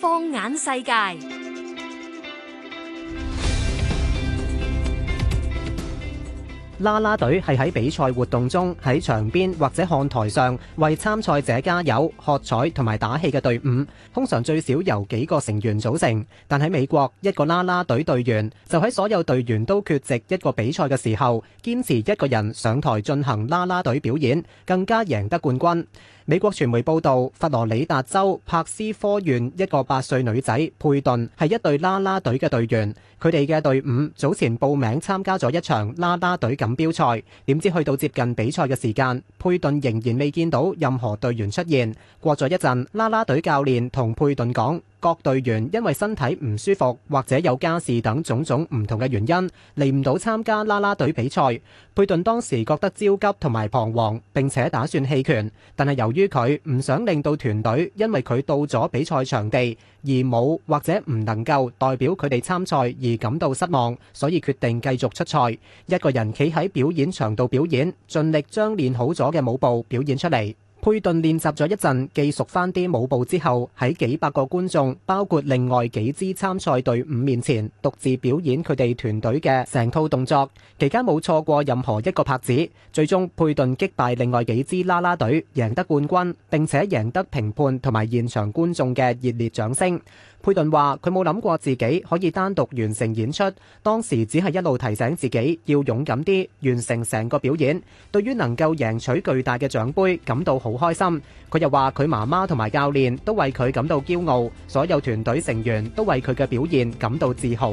放眼世界，啦啦隊係喺比賽活動中喺場邊或者看台上為參賽者加油喝彩同埋打氣嘅隊伍。通常最少由幾個成員組成，但喺美國，一個啦啦隊隊員就喺所有隊員都缺席一個比賽嘅時候，堅持一個人上台進行啦啦隊表演，更加贏得冠軍。美國傳媒報道，佛羅里達州柏斯科縣一個八歲女仔佩頓係一隊啦啦隊嘅隊員，佢哋嘅隊伍早前報名參加咗一場啦啦隊錦標賽，點知去到接近比賽嘅時間，佩頓仍然未見到任何隊員出現。過咗一陣，啦啦隊教練同佩頓講。各隊員因為身體唔舒服或者有家事等種種唔同嘅原因，嚟唔到參加啦啦隊比賽。佩頓當時覺得焦急同埋彷徨，並且打算棄權，但係由於佢唔想令到團隊因為佢到咗比賽場地而冇或者唔能夠代表佢哋參賽而感到失望，所以決定繼續出賽，一個人企喺表演場度表演，盡力將練好咗嘅舞步表演出嚟。佩頓練習咗一陣，記熟翻啲舞步之後，喺幾百個觀眾，包括另外幾支參賽隊伍面前，獨自表演佢哋團隊嘅成套動作，期間冇錯過任何一個拍子。最終，佩頓擊敗另外幾支啦啦隊，贏得冠軍，並且贏得評判同埋現場觀眾嘅熱烈掌聲。佩頓話：佢冇諗過自己可以單獨完成演出，當時只係一路提醒自己要勇敢啲，完成成個表演。對於能夠贏取巨大嘅獎杯，感到好開心。佢又話：佢媽媽同埋教練都為佢感到驕傲，所有團隊成員都為佢嘅表現感到自豪。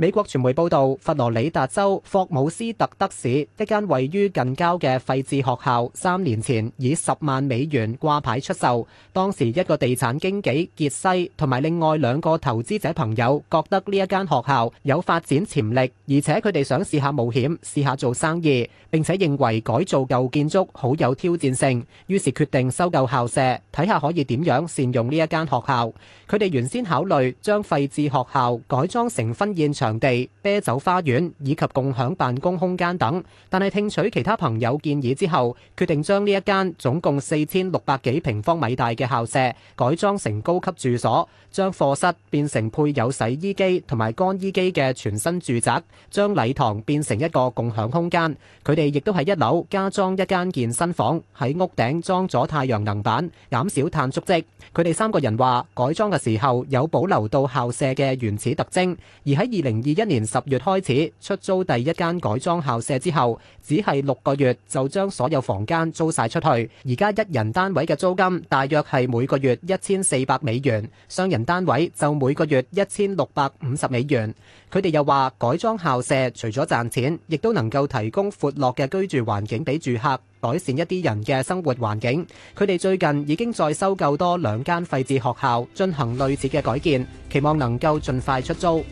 美國傳媒報道，佛羅里達州霍姆斯特德市一間位於近郊嘅廢置學校，三年前以十萬美元掛牌出售。當時一個地產經紀傑西同埋另外兩個投資者朋友覺得呢一間學校有發展潛力，而且佢哋想試下冒險，試下做生意，並且認為改造舊建築好有挑戰性，於是決定收購校舍，睇下可以點樣善用呢一間學校。佢哋原先考慮將廢置學校改裝成婚宴場，場地、啤酒花園以及共享辦公空間等，但係聽取其他朋友建議之後，決定將呢一間總共四千六百幾平方米大嘅校舍改裝成高級住所，將課室變成配有洗衣機同埋乾衣機嘅全新住宅，將禮堂變成一個共享空間。佢哋亦都喺一樓加裝一間健身房，喺屋頂裝咗太陽能板，減少碳足跡。佢哋三個人話，改裝嘅時候有保留到校舍嘅原始特徵，而喺二零。二一年十月開始出租第一間改裝校舍之後，只係六個月就將所有房間租晒出去。而家一人單位嘅租金大約係每個月一千四百美元，雙人單位就每個月一千六百五十美元。佢哋又話，改裝校舍除咗賺錢，亦都能夠提供闊落嘅居住環境俾住客，改善一啲人嘅生活環境。佢哋最近已經再收購多兩間廢置學校，進行類似嘅改建，期望能夠盡快出租。